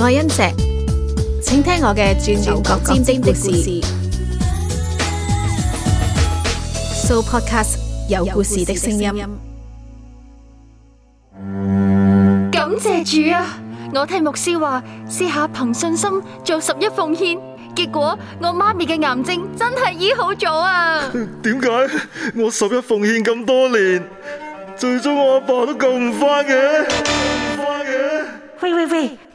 愛恩石，請聽我嘅轉轉角尖尖的故事。So podcast 有故事的聲音。感謝主啊！我聽牧師話，試下憑信心做十一奉獻，結果我媽咪嘅癌症真係醫好咗啊！點解我十一奉獻咁多年，最終我阿爸都救唔翻嘅？救唔翻嘅？喂喂喂！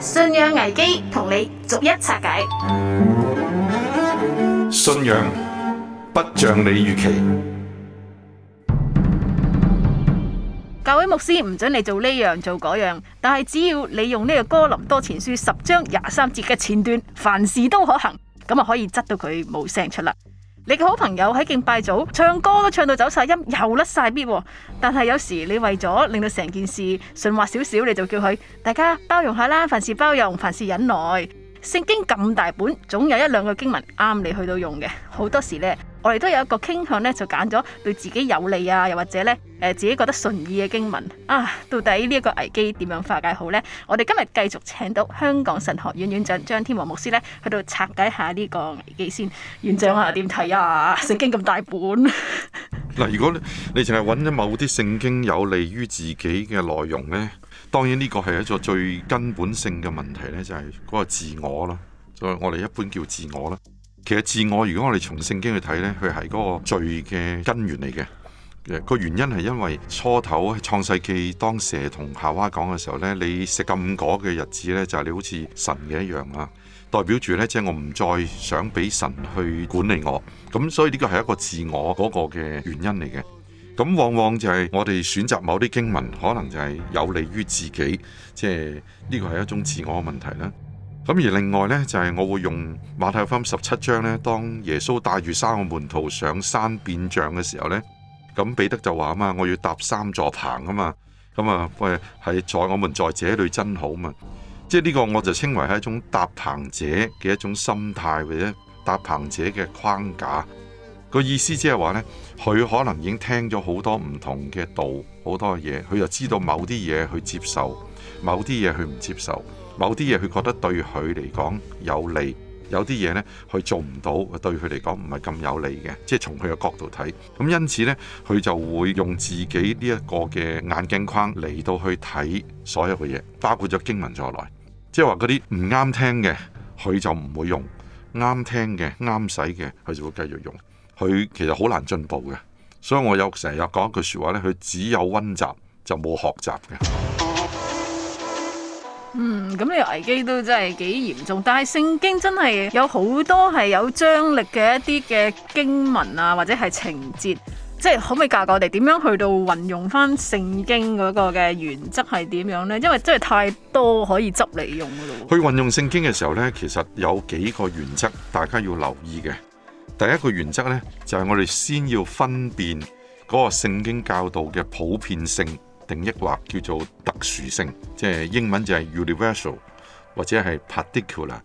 信仰危機同你逐一拆解，信仰不像你預期。教會牧師唔准你做呢樣做嗰樣，但係只要你用呢個哥林多前書十章廿三節嘅前段，凡事都可行，咁就可以窒到佢冇聲出啦。你嘅好朋友喺敬拜組唱歌都唱到走晒音，又甩晒咪。但係有時你為咗令到成件事順滑少少，你就叫佢大家包容下啦。凡事包容，凡事忍耐。聖經咁大本，總有一兩個經文啱你去到用嘅。好多時呢。我哋都有一個傾向咧，就揀咗對自己有利啊，又或者咧，誒，自己覺得順意嘅經文啊。到底呢一個危機點樣化解好呢？我哋今日繼續請到香港神學院院長張天王牧師咧，去到拆解下呢個危機先。院長啊啊，點睇啊？聖經咁大本。嗱， 如果你淨係揾咗某啲聖經有利於自己嘅內容呢，當然呢個係一座最根本性嘅問題呢，就係、是、嗰個自我啦。所以我哋一般叫自我啦。其實自我，如果我哋從聖經去睇呢，佢係嗰個罪嘅根源嚟嘅。誒，個原因係因為初頭創世紀當蛇同夏娃講嘅時候呢，你食禁果嘅日子呢就係你好似神嘅一樣啊，代表住呢，即係我唔再想俾神去管理我。咁所以呢個係一個自我嗰個嘅原因嚟嘅。咁往往就係我哋選擇某啲經文，可能就係有利於自己，即係呢個係一種自我嘅問題啦。咁而另外呢，就係、是、我會用馬太福音十七章呢：「當耶穌帶住三個門徒上山變像嘅時候呢，咁彼得就話啊嘛，我要搭三座棚啊嘛，咁、嗯、啊，喂，係在我們在這裏真好嘛，即係呢個我就稱為係一種搭棚者嘅一種心態或者搭棚者嘅框架。個意思即係話呢，佢可能已經聽咗好多唔同嘅道，好多嘢，佢就知道某啲嘢去接受，某啲嘢佢唔接受，某啲嘢佢覺得對佢嚟講有利，有啲嘢呢，佢做唔到，對佢嚟講唔係咁有利嘅，即係從佢嘅角度睇。咁因此呢，佢就會用自己呢一個嘅眼鏡框嚟到去睇所有嘅嘢，包括咗經文在內，即係話嗰啲唔啱聽嘅，佢就唔會用；啱聽嘅、啱使嘅，佢就會繼續用。佢其實好難進步嘅，所以我有成日有講一句説話咧，佢只有温習就冇學習嘅。嗯，咁呢個危機都真係幾嚴重，但係聖經真係有好多係有張力嘅一啲嘅經文啊，或者係情節，即係可唔可以教教我哋點樣去到運用返聖經嗰個嘅原則係點樣呢？因為真係太多可以執嚟用嘅咯。去運用聖經嘅時候呢，其實有幾個原則大家要留意嘅。第一個原則呢，就係我哋先要分辨嗰個聖經教導嘅普遍性，定抑或叫做特殊性，即係英文就係 universal 或者係 particular。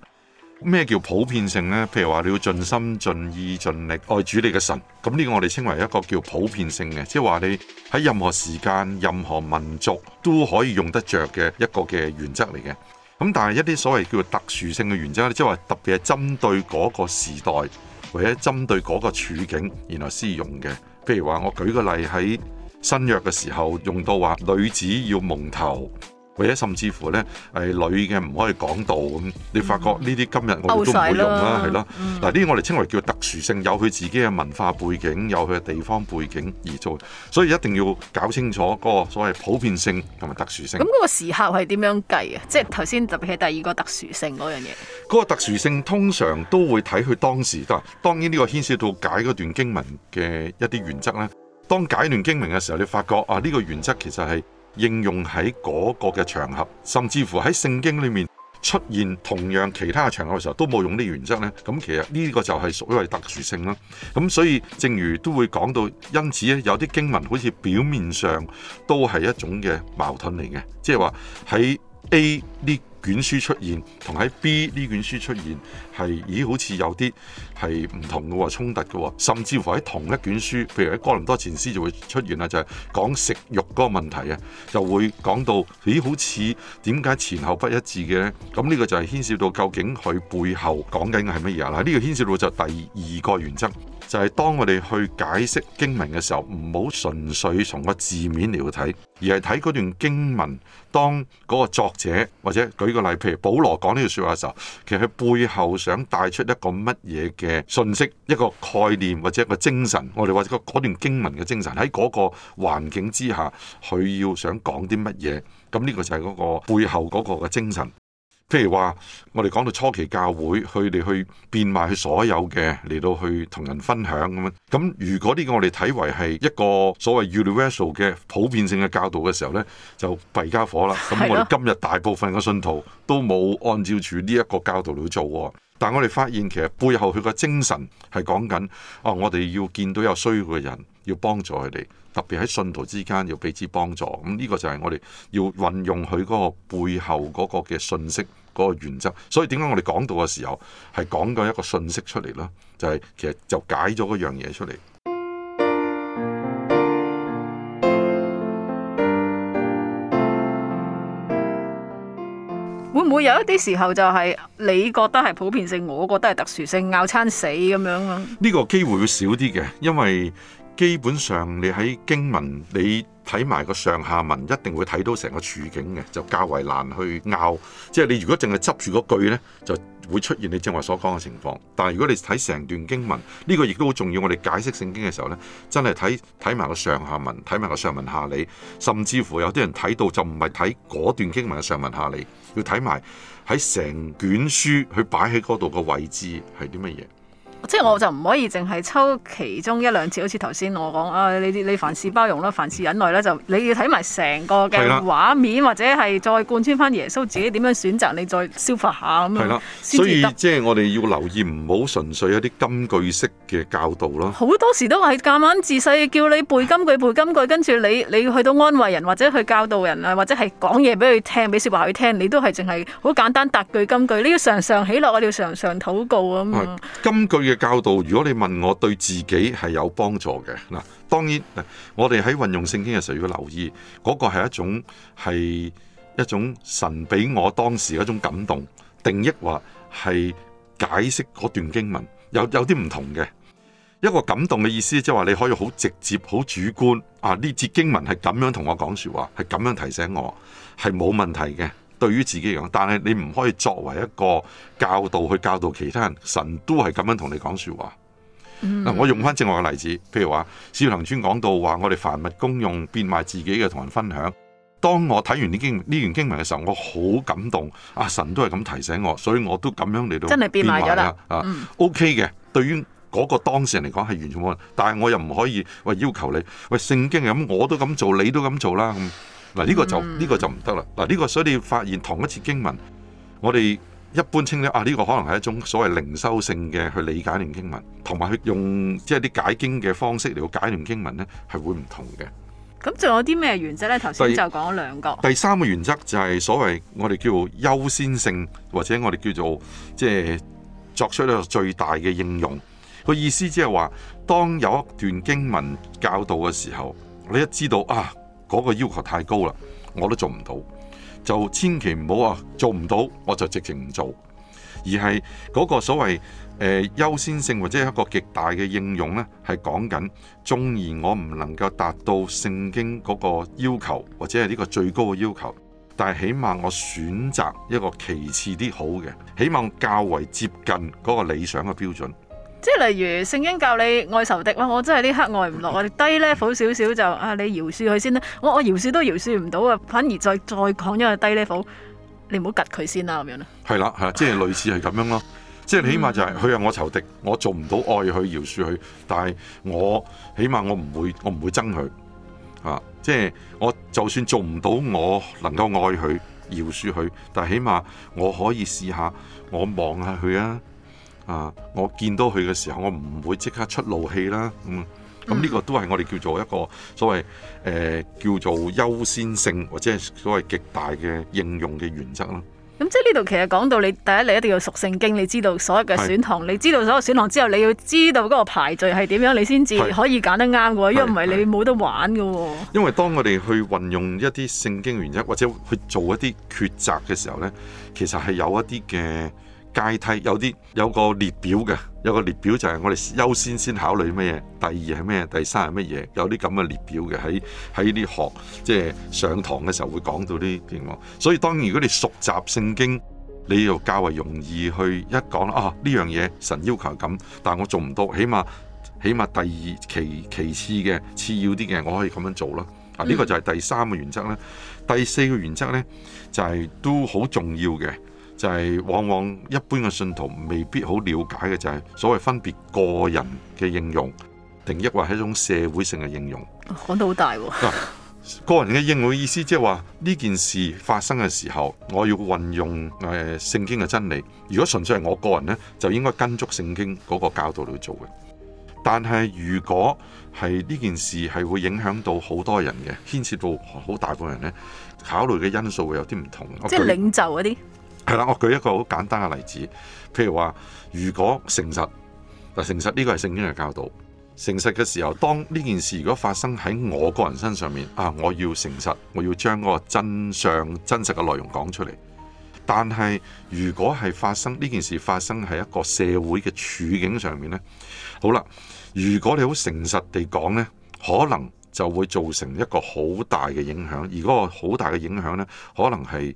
咩叫普遍性呢？譬如話你要盡心、盡意、盡力愛主，你嘅神，咁呢個我哋稱為一個叫普遍性嘅，即係話你喺任何時間、任何民族都可以用得着嘅一個嘅原則嚟嘅。咁但係一啲所謂叫做特殊性嘅原則，即係話特別係針對嗰個時代。或者針對嗰個處境，然後施用嘅，譬如話，我舉個例，喺新約嘅時候用到話，女子要蒙頭。或者甚至乎咧，係、呃、女嘅唔可以講道咁，你發覺呢啲今日我哋都唔會用啦，係咯？嗱，呢啲我哋稱為叫特殊性，有佢自己嘅文化背景，有佢嘅地方背景而做，所以一定要搞清楚嗰個所謂普遍性同埋特殊性。咁嗰個時效係點樣計啊？即係頭先特別係第二個特殊性嗰樣嘢。嗰個特殊性通常都會睇佢當時，當然呢個牽涉到解嗰段經文嘅一啲原則啦。當解段經文嘅時候，你發覺啊，呢、呢個原則其實係。應用喺嗰個嘅場合，甚至乎喺聖經裏面出現同樣其他嘅場合嘅時候，都冇用呢原則呢。咁其實呢個就係所謂特殊性啦。咁所以正如都會講到，因此咧有啲經文好似表面上都係一種嘅矛盾嚟嘅，即係話喺 A 呢卷書出現同喺 B 呢卷書出現係，咦好似有啲係唔同嘅喎，衝突嘅喎，甚至乎喺同一卷書，譬如喺哥林多前書就會出現啦，就係、是、講食慾嗰個問題啊，就會講到咦好似點解前後不一致嘅咧？咁呢個就係牽涉到究竟佢背後講緊嘅係乜嘢啊？嗱，呢、這個牽涉到就第二個原則。就係當我哋去解釋經文嘅時候，唔好純粹從個字面嚟去睇，而係睇嗰段經文當嗰個作者或者舉個例，譬如保羅講呢句說話嘅時候，其實佢背後想帶出一個乜嘢嘅信息、一個概念或者一個精神。我哋或者嗰段經文嘅精神喺嗰個環境之下，佢要想講啲乜嘢？咁呢個就係嗰個背後嗰個嘅精神。譬如話，我哋講到初期教會，佢哋去變賣佢所有嘅嚟到去同人分享咁樣。咁如果呢個我哋睇為係一個所謂 universal 嘅普遍性嘅教導嘅時候呢，就弊家伙啦。咁我哋今日大部分嘅信徒都冇按照住呢一個教導去做。但係我哋發現其實背後佢個精神係講緊，啊我哋要見到有需要嘅人，要幫助佢哋，特別喺信徒之間要彼此幫助。咁呢個就係我哋要運用佢嗰個背後嗰個嘅信息。嗰個原則，所以點解我哋講到嘅時候係講緊一個信息出嚟啦？就係、是、其實就解咗嗰樣嘢出嚟。會唔會有一啲時候就係你覺得係普遍性，我覺得係特殊性，拗餐死咁樣啊？呢個機會會少啲嘅，因為基本上你喺經文你。睇埋個上下文，一定會睇到成個處境嘅，就較為難去拗。即係你如果淨係執住嗰句呢，就會出現你正話所講嘅情況。但係如果你睇成段經文，呢個亦都好重要。我哋解釋聖經嘅時候呢，真係睇睇埋個上下文，睇埋個上文下理，甚至乎有啲人睇到就唔係睇嗰段經文嘅上文下理，要睇埋喺成卷書佢擺喺嗰度嘅位置係啲乜嘢。即係我就唔可以淨係抽其中一兩次，好似頭先我講啊、哎，你你凡事包容啦，凡事忍耐啦，就你要睇埋成個嘅畫面，的或者係再貫穿翻耶穌自己點樣選擇，你再消化下咁啦，的行所以即係我哋要留意，唔好純粹有啲金句式嘅教導咯。好多時候都係夾硬自細叫你背金句，背金句，跟住你你去到安慰人，或者去教導人啊，或者係講嘢俾佢聽俾說話佢聽，話他聽你都係淨係好簡單答句金句。呢啲常常喜樂，我哋要常常禱告啊金句教導，如果你問我對自己係有幫助嘅。嗱，當然我哋喺運用聖經嘅時候要留意，嗰個係一種係一種神俾我當時一種感動定義，或係解釋嗰段經文有有啲唔同嘅一個感動嘅意思，即係話你可以好直接、好主觀啊！呢節經文係咁樣同我講說話，係咁樣提醒我，係冇問題嘅。對於自己嚟講，但係你唔可以作為一個教導去教導其他人，神都係咁樣同你講說話。嗱、嗯，我用翻正話嘅例子，譬如話，使徒行傳講到話，我哋凡物公用，變賣自己嘅，同人分享。當我睇完呢經呢段經文嘅時候，我好感動。啊，神都係咁提醒我，所以我都咁樣嚟到真係變賣咗啦。OK 嘅，對於嗰個當事人嚟講係完全冇問題，但係我又唔可以喂，要求你喂聖經咁，我都咁做，你都咁做啦。嗱，呢個就呢、嗯、個就唔得啦！嗱、這、呢個，所以你發現同一節經文，我哋一般稱咧啊呢、這個可能係一種所謂靈修性嘅去理解呢段經文，同埋佢用即係啲解經嘅方式嚟到解呢段經文呢，係會唔同嘅。咁仲有啲咩原則呢？頭先就講咗兩個。第三個原則就係所謂我哋叫做優先性，或者我哋叫做即係作出呢個最大嘅應用。個意思即係話，當有一段經文教導嘅時候，你一知道啊。嗰個要求太高啦，我都做唔到，就千祈唔好話做唔到，我就直情唔做。而係嗰個所謂誒、呃、優先性或者係一個極大嘅應用呢，係講緊，縱然我唔能夠達到聖經嗰個要求或者係呢個最高嘅要求，但係起碼我選擇一個其次啲好嘅，起碼較為接近嗰個理想嘅標準。即係例如聖經教你愛仇敵啦，我真係呢刻愛唔落啊！我低 level 少少就啊，你饒恕佢先啦。我我饒恕都饒恕唔到啊，反而再再講一個低 level，你唔好夾佢先啦，咁樣啦。係啦係啦，即係類似係咁樣咯。 即係起碼就係、是，佢係我仇敵，我做唔到愛佢饒恕佢，但係我起碼我唔會我唔會憎佢啊。即係我就算做唔到我能夠愛佢饒恕佢，但係起碼我可以試下我望下佢啊。啊！我見到佢嘅時候，我唔會即刻出怒氣啦。嗯，咁、嗯、呢個都係我哋叫做一個所謂誒、呃、叫做優先性，或者係所謂極大嘅應用嘅原則咯。咁即係呢度其實講到你第一，你一定要熟聖經，你知道所有嘅選項，是你知道所有嘅選項之後，你要知道嗰個排序係點樣，你先至可以揀得啱嘅喎。因為唔係你冇得玩㗎喎。因為當我哋去運用一啲聖經原則，或者去做一啲抉擇嘅時候呢，其實係有一啲嘅。階梯有啲有個列表嘅，有個列表就係我哋優先先考慮咩嘢，第二係咩，第三係乜嘢，有啲咁嘅列表嘅。喺喺啲學即係、就是、上堂嘅時候會講到呢啲嘢。所以當然如果你熟習聖經，你就較為容易去一講啊呢樣嘢神要求咁，但我做唔到，起碼起碼第二其其次嘅次要啲嘅，我可以咁樣做啦。啊呢、這個就係第三個原則啦。第四個原則呢，就係、是、都好重要嘅。就係往往一般嘅信徒未必好了解嘅，就係所謂分別個人嘅應用，定抑或係一種社會性嘅應用。講得好大喎、哦啊。個人嘅應用意思即係話呢件事發生嘅時候，我要運用誒、呃、聖經嘅真理。如果純粹係我個人呢，就應該跟足聖經嗰個教導去做嘅。但係如果係呢件事係會影響到好多人嘅，牽涉到好大部分人呢，考慮嘅因素會有啲唔同。即係領袖嗰啲。係啦，我舉一個好簡單嘅例子，譬如話如果誠實嗱，誠實呢個係聖經嘅教導。誠實嘅時候，當呢件事如果發生喺我個人身上面啊，我要誠實，我要將嗰個真相、真實嘅內容講出嚟。但係如果係發生，呢件事發生喺一個社會嘅處境上面咧，好啦，如果你好誠實地講咧，可能。就會造成一個好大嘅影響，而嗰個好大嘅影響呢，可能係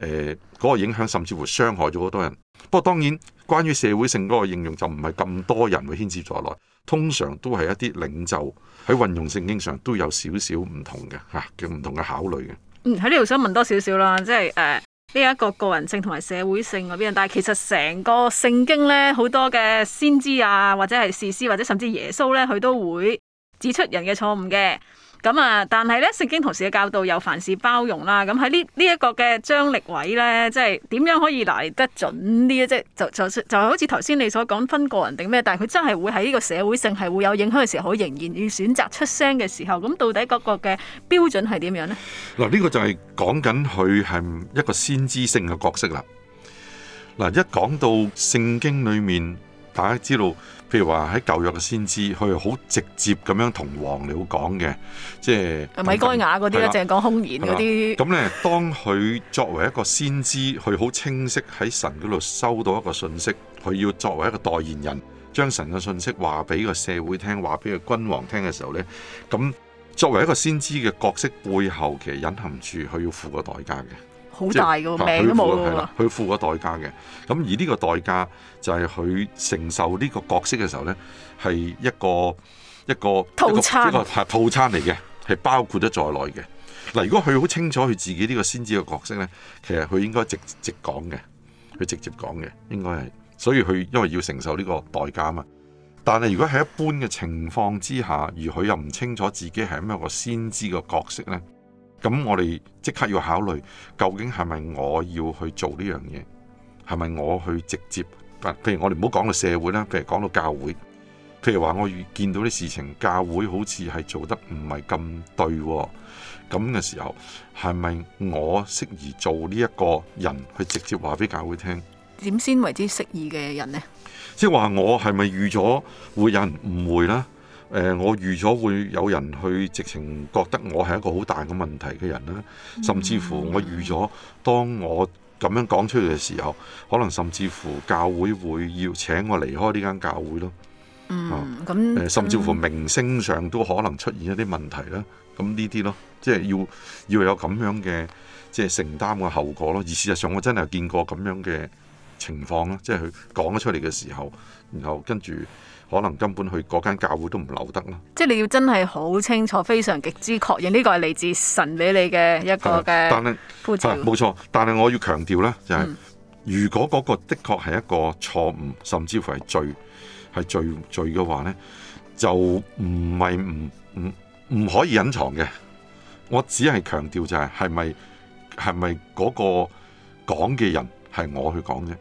誒嗰個影響，甚至乎傷害咗好多人。不過當然，關於社會性嗰個應用就唔係咁多人會牽涉在內，通常都係一啲領袖喺運用聖經上都有少少唔同嘅吓，叫、啊、唔同嘅考慮嘅。嗯，喺呢度想問多少少啦，即係誒呢一個個人性同埋社會性嗰邊，但係其實成個聖經呢，好多嘅先知啊，或者係士師，或者甚至耶穌呢，佢都會。指出人嘅錯誤嘅咁啊。但係呢，聖經同時嘅教導又凡事包容啦。咁喺呢呢一個嘅張力位呢，即係點樣可以嚟得準啲？即係就就就好似頭先你所講分個人定咩？但係佢真係會喺呢個社會性係會有影響嘅時候，仍然要選擇出聲嘅時候。咁到底各個嘅標準係點樣呢？嗱，呢個就係講緊佢係一個先知性嘅角色啦。嗱，一講到聖經裏面，大家知道。譬如話喺舊約嘅先知，佢係好直接咁樣同王聊講嘅，即係米該雅嗰啲咧，淨係講空言嗰啲。咁咧、啊，當佢作為一個先知，佢好清晰喺神嗰度收到一個信息，佢要作為一個代言人，將神嘅信息話俾個社會聽，話俾個君王聽嘅時候咧，咁作為一個先知嘅角色背後，其實隱含住佢要付個代價嘅。好大個名都冇，佢付個代價嘅。咁而呢個代價就係佢承受呢個角色嘅時候呢，係一個一個套餐，一個，一個套餐嚟嘅，係包括咗在內嘅。嗱，如果佢好清楚佢自己呢個先知嘅角色呢，其實佢應該直直講嘅，佢直接講嘅應該係。所以佢因為要承受呢個代價嘛。但係如果喺一般嘅情況之下，而佢又唔清楚自己係咩個先知嘅角色呢。咁我哋即刻要考慮，究竟係咪我要去做呢樣嘢，係咪我去直接？嗱，譬如我哋唔好講到社會啦，譬如講到教會，譬如話我遇見到啲事情，教會好似係做得唔係咁對，咁嘅時候，係咪我適宜做呢一個人去直接話俾教會聽？點先為之適宜嘅人呢？即係話我係咪預咗會有人誤會啦？誒、呃，我預咗會有人去直情覺得我係一個好大嘅問題嘅人啦，甚至乎我預咗，當我咁樣講出嚟嘅時候，可能甚至乎教會會要請我離開呢間教會咯。啊、嗯，咁、呃、甚至乎名聲上都可能出現一啲問題啦。咁呢啲咯，即係要要有咁樣嘅即係承擔嘅後果咯。而事實上，我真係見過咁樣嘅情況啦，即係佢講咗出嚟嘅時候，然後跟住。可能根本去嗰間教會都唔留得咯。即係你要真係好清楚，非常極之確認呢個係嚟自神俾你嘅一個嘅，但係冇錯。但係我要強調咧，就係如果嗰個的確係一個錯誤，甚至乎係罪，係罪罪嘅話咧，就唔係唔唔唔可以隱藏嘅。我只係強調就係係咪係咪嗰個講嘅人係我去講啫，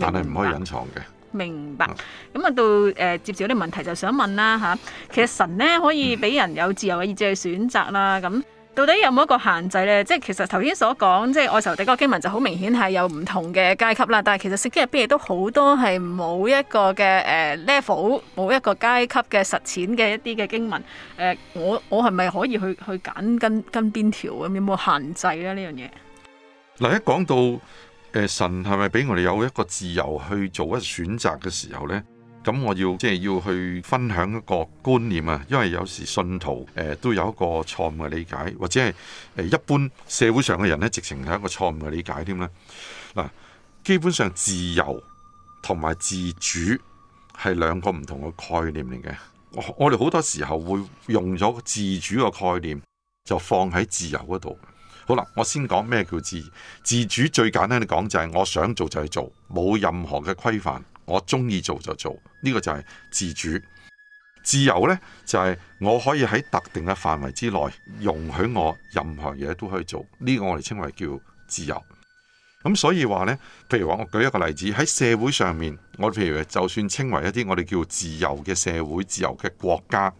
但係唔可以隱藏嘅。明白，咁啊到誒、呃、接住啲問題就想問啦嚇，其實神咧可以俾人有自由嘅意志去選擇啦，咁到底有冇一個限制咧？即係其實頭先所講，即係《愛仇敵》嗰個經文就好明顯係有唔同嘅階級啦。但係其實聖經入邊亦都好多係冇一個嘅誒、呃、level，冇一個階級嘅實踐嘅一啲嘅經文。誒、呃，我我係咪可以去去揀跟跟邊條咁？有冇限制咧呢樣嘢？嗱，一講到誒，神係咪俾我哋有一個自由去做一選擇嘅時候呢？咁我要即係、就是、要去分享一個觀念啊，因為有時信徒誒、呃、都有一個錯誤嘅理解，或者係一般社會上嘅人咧，直情係一個錯誤嘅理解添、啊、啦。基本上自由同埋自主係兩個唔同嘅概念嚟嘅。我哋好多時候會用咗自主嘅概念就放喺自由嗰度。好啦，我先講咩叫自自主。自主最簡單地講就係，我想做就去做，冇任何嘅規範，我中意做就做，呢個就係自主。自由呢就係我可以喺特定嘅範圍之內，容許我任何嘢都可以做，呢個我哋稱為叫自由。咁所以話呢，譬如話我舉一個例子喺社會上面，我譬如就算稱為一啲我哋叫自由嘅社會、自由嘅國家，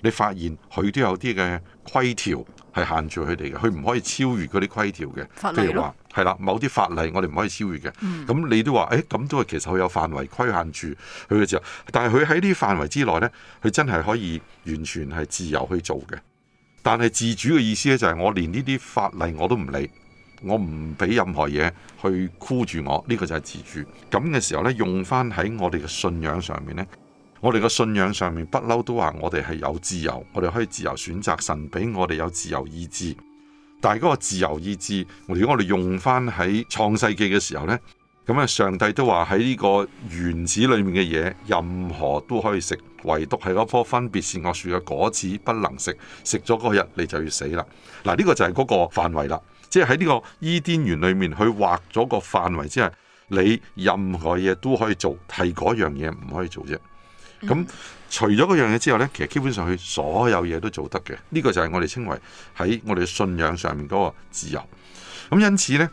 你發現佢都有啲嘅規條係限住佢哋嘅，佢唔可以超越嗰啲規條嘅，譬如話係啦，某啲法例我哋唔可以超越嘅。咁你都話，誒，咁都係其實佢有範圍規限住佢嘅自由，但係佢喺呢範圍之內呢，佢真係可以完全係自由去做嘅。但係自主嘅意思呢，就係我連呢啲法例我都唔理，我唔俾任何嘢去箍住我，呢個就係自主。咁嘅時候呢，用翻喺我哋嘅信仰上面呢。我哋嘅信仰上面不嬲都話，我哋係有自由，我哋可以自由選擇神俾我哋有自由意志。但係嗰個自由意志，我哋如果我哋用翻喺創世紀嘅時候咧，咁啊，上帝都話喺呢個園子裏面嘅嘢，任何都可以食，唯獨係嗰棵分別善惡樹嘅果子不能食。食咗嗰日，你就要死啦。嗱，呢個就係嗰個範圍啦，即係喺呢個伊甸園裏面去劃咗個範圍，即係你任何嘢都可以做，係嗰樣嘢唔可以做啫。咁、嗯、除咗嗰樣嘢之後咧，其實基本上佢所有嘢都做得嘅。呢、呢個就係我哋稱為喺我哋信仰上面嗰個自由。咁因此咧，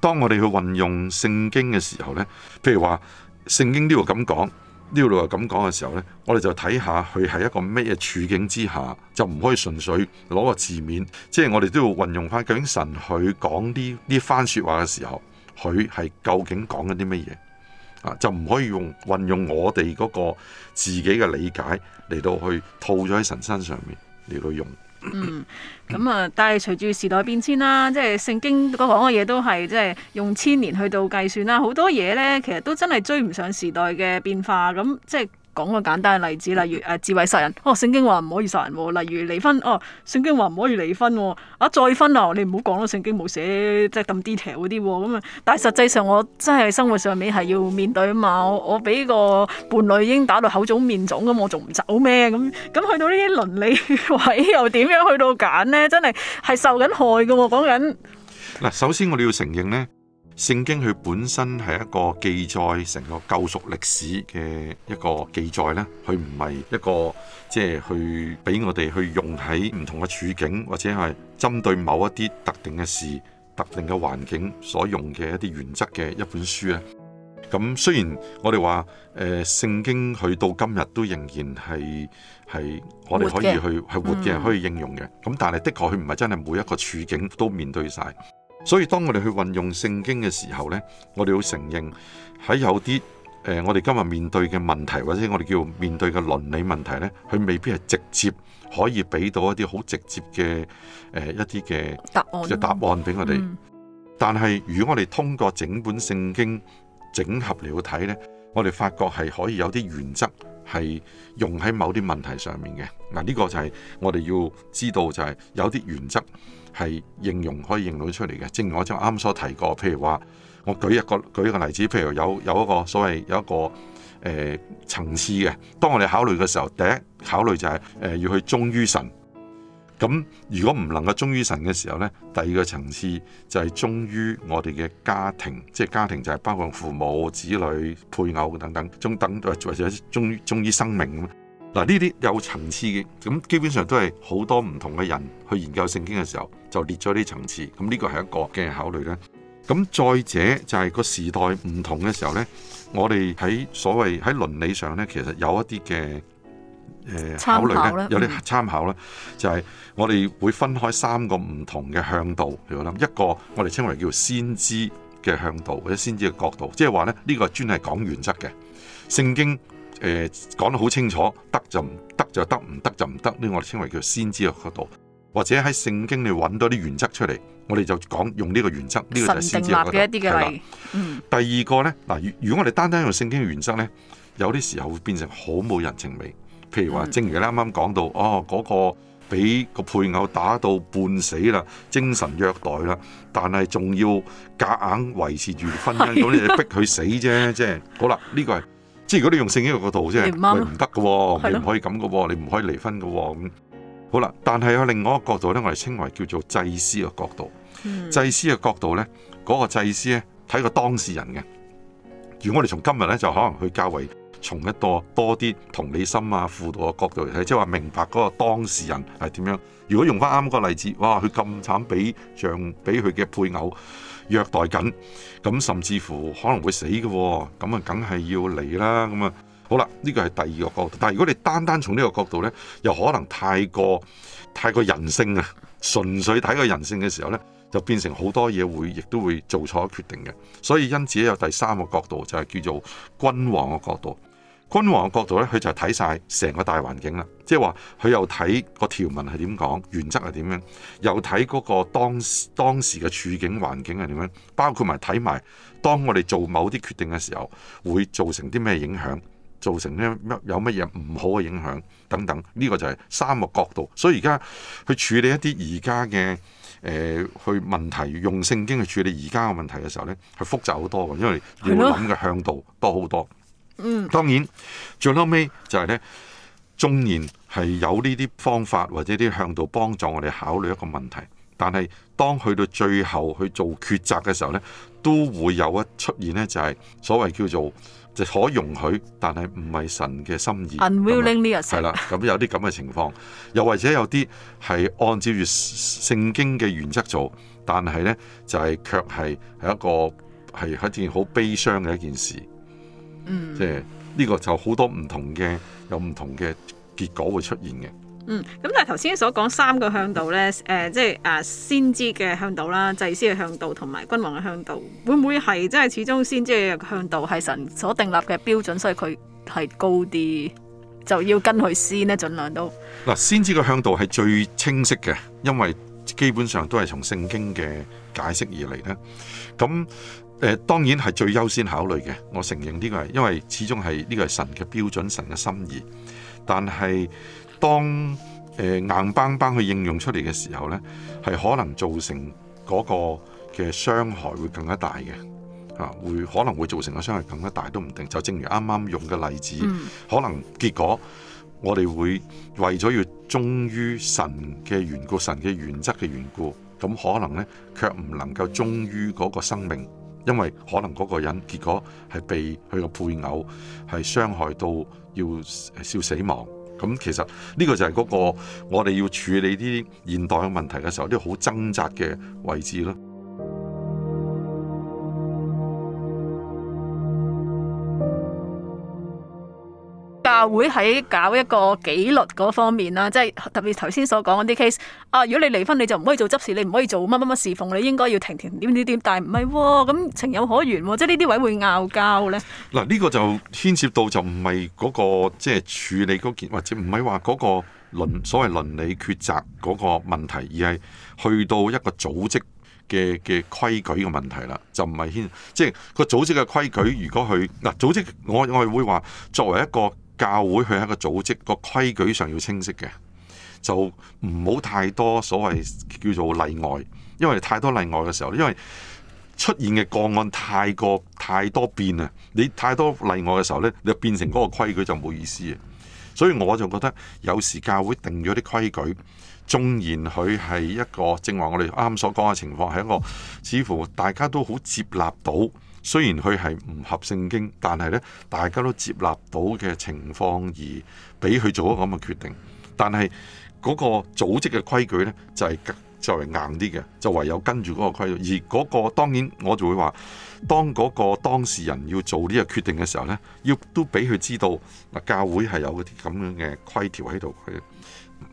當我哋去運用聖經嘅時候咧，譬如話聖經呢度咁講，呢度又咁講嘅時候咧，我哋就睇下佢係一個咩處境之下，就唔可以純粹攞個字面，即、就、係、是、我哋都要運用翻究竟神佢講呢啲番說話嘅時候，佢係究竟講緊啲乜嘢？就唔可以用運用我哋嗰個自己嘅理解嚟到去套咗喺神身上面嚟到用 嗯。嗯，咁啊，但係隨住時代變遷啦，即係聖經嗰講嘅嘢都係即係用千年去到計算啦，好多嘢咧其實都真係追唔上時代嘅變化，咁即係。講個簡單嘅例子，例如誒，智慧殺人哦，聖經話唔可以殺人喎，例如離婚哦，聖經話唔可以離婚啊，再婚啊，你唔好講咯，聖經冇寫即係咁 detail 啲，咁啊，但係實際上我真係生活上面係要面對啊嘛，我我俾個伴侶已經打到口腫面腫，咁我仲唔走咩？咁咁去到呢啲倫理位又點樣去到揀呢？真係係受緊害噶，我講緊嗱，首先我哋要承認呢。聖經佢本身係一個記載成個救贖歷史嘅一個記載咧，佢唔係一個即係去俾我哋去用喺唔同嘅處境，或者係針對某一啲特定嘅事、特定嘅環境所用嘅一啲原則嘅一本書咧。咁雖然我哋話誒聖經佢到今日都仍然係係我哋可以去係活嘅，可以應用嘅。咁但係的確佢唔係真係每一個處境都面對晒。所以當我哋去運用聖經嘅時候呢，我哋要承認喺有啲誒，我哋今日面對嘅問題，或者我哋叫面對嘅倫理問題呢，佢未必係直接可以俾到一啲好直接嘅誒一啲嘅答案嘅答案俾我哋。但係如果我哋通過整本聖經整合嚟，去睇咧，我哋發覺係可以有啲原則係用喺某啲問題上面嘅。嗱，呢個就係我哋要知道就係有啲原則。係形容可以形容出嚟嘅，正如我之前啱啱所提過，譬如話，我舉一個舉一個例子，譬如有有一個所謂有一個誒層、呃、次嘅，當我哋考慮嘅時候，第一考慮就係、是、誒、呃、要去忠於神，咁如果唔能夠忠於神嘅時候咧，第二個層次就係忠於我哋嘅家庭，即係家庭就係包括父母、子女、配偶等等，中等或者忠忠於生命。嗱呢啲有層次嘅，咁基本上都係好多唔同嘅人去研究聖經嘅時候，就列咗啲層次。咁呢個係一個嘅考慮咧。咁再者就係個時代唔同嘅時候咧，我哋喺所謂喺倫理上咧，其實有一啲嘅誒考慮咧，有啲參考咧。嗯、就係我哋會分開三個唔同嘅向度嚟講，一個我哋稱為叫先知嘅向度或者先知嘅角度，即係話咧呢、呢個專係講原則嘅聖經。誒，講得好清楚，得就唔得就得唔得就唔得，呢、這個、我哋稱為叫先知嘅角度，或者喺聖經你揾到啲原則出嚟，我哋就講用呢個原則，呢、這個就係先知嘅角度。第二個咧，嗱，如果我哋單單用聖經嘅原則咧，有啲時候會變成好冇人情味。譬如話，正如你啱啱講到，嗯、哦，嗰、那個俾個配偶打到半死啦，精神虐待啦，但係仲要夾硬維持住婚姻，咁的你逼佢死啫，即係、 就是、好啦，呢、這個係。即係如果你用聖經嘅角度，即係你唔得嘅，你唔可以咁嘅、啊，你唔可以離婚嘅。咁好啦，但係喺另外一個角度咧，我哋稱為叫做祭司嘅角度。嗯、祭司嘅角度咧，嗰、嗰個祭司咧睇個當事人嘅。如果我哋從今日咧，就可能去較為從一個多啲同理心啊，輔導嘅角度嚟睇，即係話明白嗰個當事人係點樣。如果用翻啱個例子，哇，佢咁慘，俾像俾佢嘅配偶虐待緊，咁甚至乎可能會死嘅，咁啊梗係要嚟啦。咁啊好啦，呢個係第二個角度。但如果你單單從呢個角度呢，又可能太過太過人性啊，純粹睇個人性嘅時候呢，就變成好多嘢會亦都會做錯決定嘅。所以因此有第三個角度就係叫做君王嘅角度。君王嘅角度咧，佢就睇晒成個大環境啦，即係話佢又睇個條文係點講，原則係點樣，又睇嗰個當時當時嘅處境環境係點樣，包括埋睇埋當我哋做某啲決定嘅時候，會造成啲咩影響，造成咩有乜嘢唔好嘅影響等等，呢個就係三個角度。所以而家去處理一啲而家嘅誒去問題，用聖經去處理而家嘅問題嘅時候咧，係複雜好多嘅，因為你要諗嘅向度多好多。嗯，當然最後尾就係咧，縱然係有呢啲方法或者啲向導幫助我哋考慮一個問題，但係當去到最後去做抉擇嘅時候咧，都會有一出現呢，就係、是、所謂叫做就是、可容許，但係唔係神嘅心意。Unwillingly 係啦，咁有啲咁嘅情況，又或者有啲係按照住聖經嘅原則做，但係咧就係卻係係一個係一件好悲傷嘅一件事。即係呢個就好多唔同嘅，有唔同嘅結果會出現嘅。嗯，咁但係頭先所講三個向度咧，誒、呃，即係、啊、誒先知嘅向度啦、祭司嘅向度同埋君王嘅向度，會唔會係即係始終先知嘅向度係神所定立嘅標準，所以佢係高啲，就要跟佢先呢盡量都。嗱，先知嘅向度係最清晰嘅，因為基本上都係從聖經嘅解釋而嚟咧，咁。誒、呃、當然係最優先考慮嘅，我承認呢個係，因為始終係呢個係神嘅標準，神嘅心意。但係當、呃、硬邦邦去應用出嚟嘅時候呢，係可能造成嗰個嘅傷害會更加大嘅啊，會可能會造成個傷害更加大都唔定。就正如啱啱用嘅例子，嗯、可能結果我哋會為咗要忠於神嘅緣故，神嘅原則嘅緣故，咁可能呢，卻唔能夠忠於嗰個生命。因為可能嗰個人結果係被佢個配偶係傷害到要笑死亡。咁其實呢個就係嗰個我哋要處理啲現代嘅問題嘅時候，啲好掙扎嘅位置咯。會喺搞一個紀律嗰方面啦，即係特別頭先所講嗰啲 case 啊，如果你離婚，你就唔可以做執事，你唔可以做乜乜乜侍奉，你應該要停停點點點，但係唔係喎，咁情有可原喎，啊，即係呢啲位會拗交咧。嗱，呢個就牽涉到就唔係嗰個即係、就是、處理嗰、那、件、個，或者唔係話嗰個倫所謂倫理抉擇嗰個問題，而係去到一個組織嘅嘅規矩嘅問題啦，就唔係牽即係、就是、個組織嘅規矩。如果佢嗱組織我，我我會話作為一個。教會佢係一個組織，個規矩上要清晰嘅，就唔好太多所謂叫做例外，因為太多例外嘅時候，因為出現嘅個案太過太多變啊！你太多例外嘅時候呢，你就變成嗰個規矩就冇意思啊！所以我就覺得有時教會定咗啲規矩，縱然佢係一個正如我哋啱啱所講嘅情況，係一個似乎大家都好接納到。雖然佢係唔合聖經，但係呢大家都接納到嘅情況而俾佢做一個咁嘅決定。但係嗰個組織嘅規矩呢，就係、就係、作為硬啲嘅，就唯有跟住嗰個規矩。而嗰、嗰個當然我就會話，當嗰個當事人要做呢個決定嘅時候呢，要都俾佢知道，嗱，教會係有啲咁樣嘅規條喺度。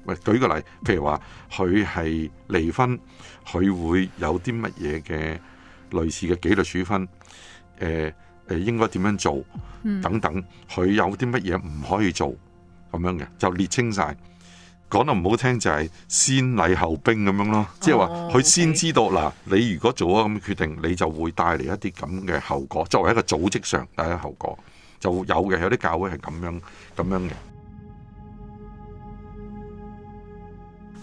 佢，舉個例，譬如話佢係離婚，佢會有啲乜嘢嘅類似嘅紀律處分。誒誒、呃呃，應該點樣做等等，佢、嗯、有啲乜嘢唔可以做咁樣嘅，就列清晒。講得唔好聽就係先禮後兵咁樣咯，即係話佢先知道嗱，哦 okay、你如果做咗咁決定，你就會帶嚟一啲咁嘅後果，作為一個組織上帶嚟後果，就有嘅。有啲教會係咁樣咁樣嘅。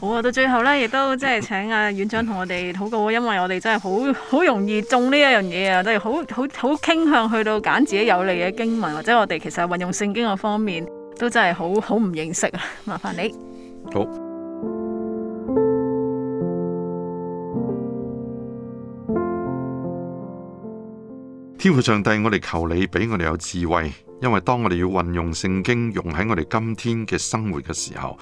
好啊，到最後咧，亦都即係請阿、啊、院長同我哋禱告，因為我哋真係好好容易中呢一樣嘢啊，真係好好好傾向去到揀自己有利嘅經文，或者我哋其實運用聖經個方面都真係好好唔認識啊！麻煩你，好，天父上帝，我哋求你俾我哋有智慧。因為當我哋要運用聖經用喺我哋今天嘅生活嘅時候，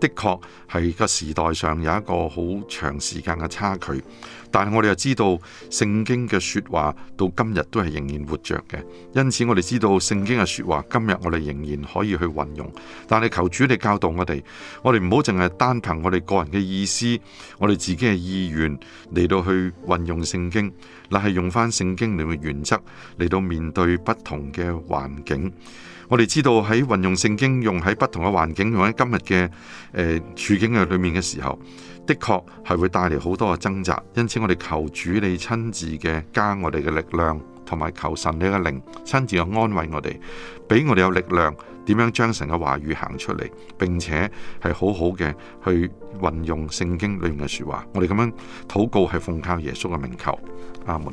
的確係個時代上有一個好長時間嘅差距。但係我哋又知道聖經嘅說話到今日都係仍然活着嘅，因此我哋知道聖經嘅說話今日我哋仍然可以去運用。但係求主你教導我哋，我哋唔好淨係單憑我哋個人嘅意思，我哋自己嘅意願嚟到去運用聖經，乃係用翻聖經裏面嘅原則嚟到面對不同嘅環境。我哋知道喺運用聖經用喺不同嘅環境用，用喺今日嘅誒處境嘅裏面嘅時候。的確係會帶嚟好多嘅掙扎，因此我哋求主你親自嘅加我哋嘅力量，同埋求神你嘅靈親自去安慰我哋，俾我哋有力量，點樣將神嘅話語行出嚟，並且係好好嘅去運用聖經裏面嘅說話。我哋咁樣禱告係奉靠耶穌嘅名求，阿門。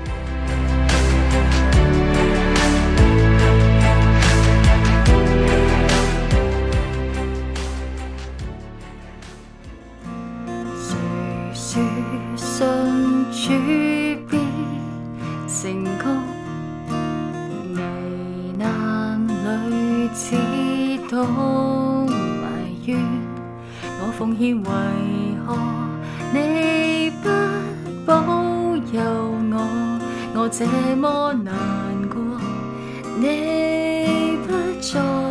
主必成功，危難裏只懂埋怨。我奉獻，為何你不保佑我？我這麼難過，你不再。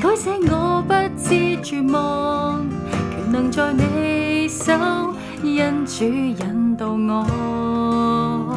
改寫我不知絕望，權能在你手，因主引導我。